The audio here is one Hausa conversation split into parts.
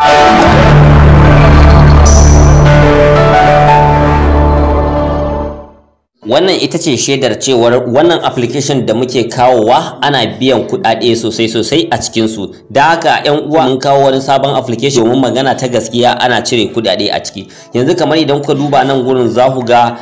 you wannan ita ce shaidar cewar wannan application da muke kawowa ana biyan kuɗaɗe sosai sosai a cikin su da haka yan uwa mun kawo wani sabon application domin magana ta gaskiya ana cire kuɗaɗe a ciki yanzu kamar idan kuka duba nan gurin za ku ga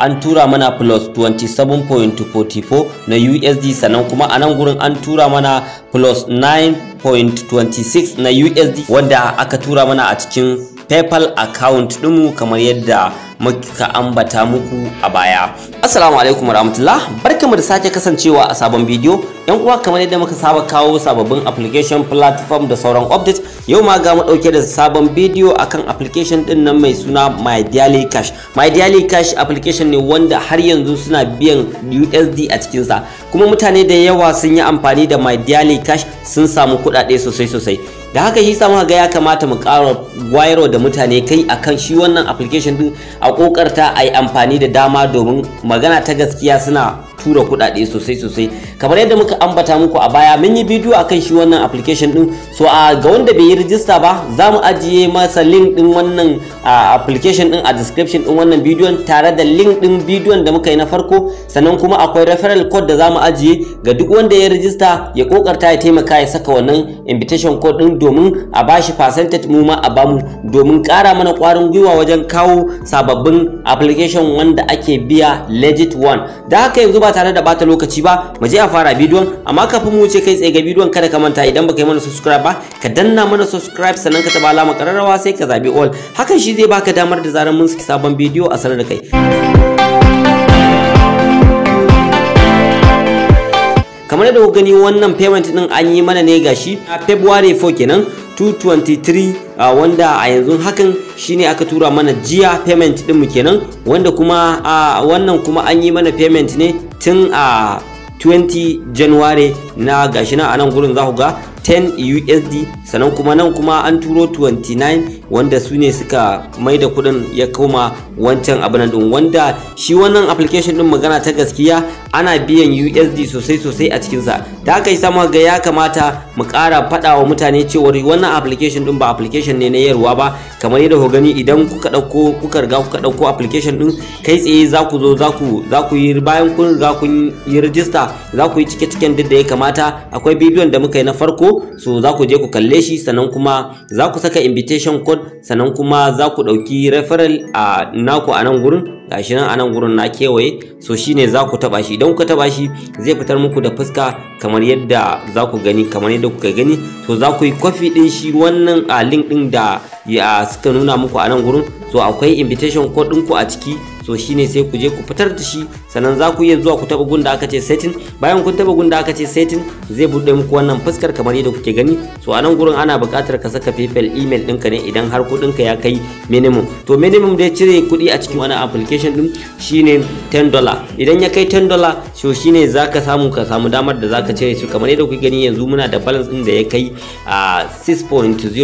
an tura mana plus 27.44 na USD sannan kuma a nan gurin an tura mana plus 9.26 na USD wanda aka tura mana a cikin PayPal account ɗinmu kamar yadda muka ambata muku a baya assalamu alaikum warahmatullah barkamu da sake kasancewa a sabon bidiyo yan uwa kamar yadda muka saba kawo sababbin application platform da sauran update yau ma ga mu dauke da sabon bidiyo akan application din nan mai suna my daily cash my daily cash application ne wanda har yanzu suna biyan USD a cikin sa kuma mutane da yawa sun yi amfani da my cash sun samu kuɗaɗe sosai sosai da haka shi sa muka ga ya kamata mu ƙara wayarwa da mutane kai akan shi wannan application din a kokarta a yi amfani da dama domin magana ta gaskiya suna tura kuɗaɗe sosai sosai kamar yadda muka ambata muku a baya mun yi bidiyo akan shi wannan application din so a ga wanda bai yi rijista ba za mu ajiye masa link din wannan application din a description din wannan bidiyon tare da link din bidiyon da muka yi na farko sannan kuma akwai referral code da za mu ajiye ga duk wanda ya register ya kokarta ya taimaka ya saka wannan invitation code din domin a bashi percentage mu ma a bamu domin kara mana kwarin gwiwa wajen kawo sababbin application wanda ake biya legit one da haka yanzu ba tare da bata lokaci ba mu je a fara bidiyon amma kafin mu wuce kai tsaye ga bidiyon kada ka manta idan baka yi mana subscribe ba ka danna mana subscribe sannan ka taba alama kararrawa sai ka zabi all hakan shi zai baka damar da zarar mun saki sabon bidiyo a sanar da kai kamar da ku gani wannan payment din an yi mana ne gashi a february 4 kenan 223 a ah, wanda a yanzu hakan shine aka tura mana jiya payment mu kenan wanda kuma a ah, wannan kuma an yi mana payment ne tun a ah, 20 January na gashi nan a nan gurin za ku ga 10 USD sannan kuma nan kuma an turo 29 wanda su ne suka mai da kudin ya koma wancan abin nan wanda shi wannan application din magana ta gaskiya ana biyan USD sosai sosai a cikinsa da aka yi sama ga ya kamata mu ƙara faɗa wa mutane cewa wannan application din ba application ne na yarwa ba kamar yadda ku gani idan kuka ɗauko kuka riga kuka ɗauko application din kai tsaye za ku zo za ku za ku yi bayan kun riga kun yi register za ku yi cike ciken duk da ya kamata akwai bidiyon da muka yi na farko so za ku je ku kalle shi sannan kuma za ku saka invitation code sannan kuma za ku ɗauki referral a naku a nan gurin gashi nan a nan gurin na kewaye so shine za ku taɓa shi idan kuka taba shi zai fitar muku da fuska kamar yadda za ku gani kamar yadda kuka gani to za ku yi kwafi din shi wannan a link din da ya suka nuna muku a nan gurin to akwai invitation code ɗinku a ciki so shine sai ku je ku fitar da shi sannan za ku iya zuwa ku taba gunda aka ce setting bayan kun taba gunda aka ce setting zai bude muku wannan fuskar kamar yadda kuke gani so a nan gurin ana buƙatar ka saka PayPal email ɗinka ne idan har kuɗin ka ya kai minimum to minimum dai cire kuɗi a cikin wannan application din shine 10 dollar idan ya kai 10 dollar so shine zaka samu ka samu damar da zaka cire su kamar yadda kuke gani yanzu muna da balance din da ya kai a 6.00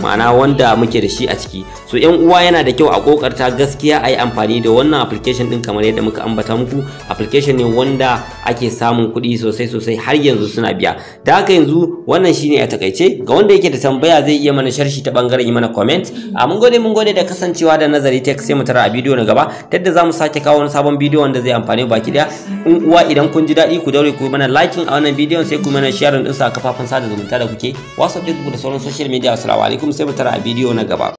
ma'ana wanda muke da shi a ciki so yan uwa yana da kyau a kokarta gaskiya yi amfani da wannan application din kamar yadda muka ambata muku application ne wanda ake samun kuɗi sosai sosai har yanzu suna biya da haka yanzu wannan shine a takaice ga wanda yake da tambaya zai iya mana sharshi ta bangaren yi mana comment a mun gode mun gode da kasancewa da nazari tech sai mu tara a bidiyo na gaba tadda za mu sake kawo wani sabon bidiyo wanda zai amfani baki daya in uwa idan kun ji daɗi ku daure ku mana liking a wannan bidiyon sai ku mana sharing din sa kafafen sada zumunta da kuke whatsapp facebook da sauran social media assalamu alaikum sai mu tara a bidiyo na gaba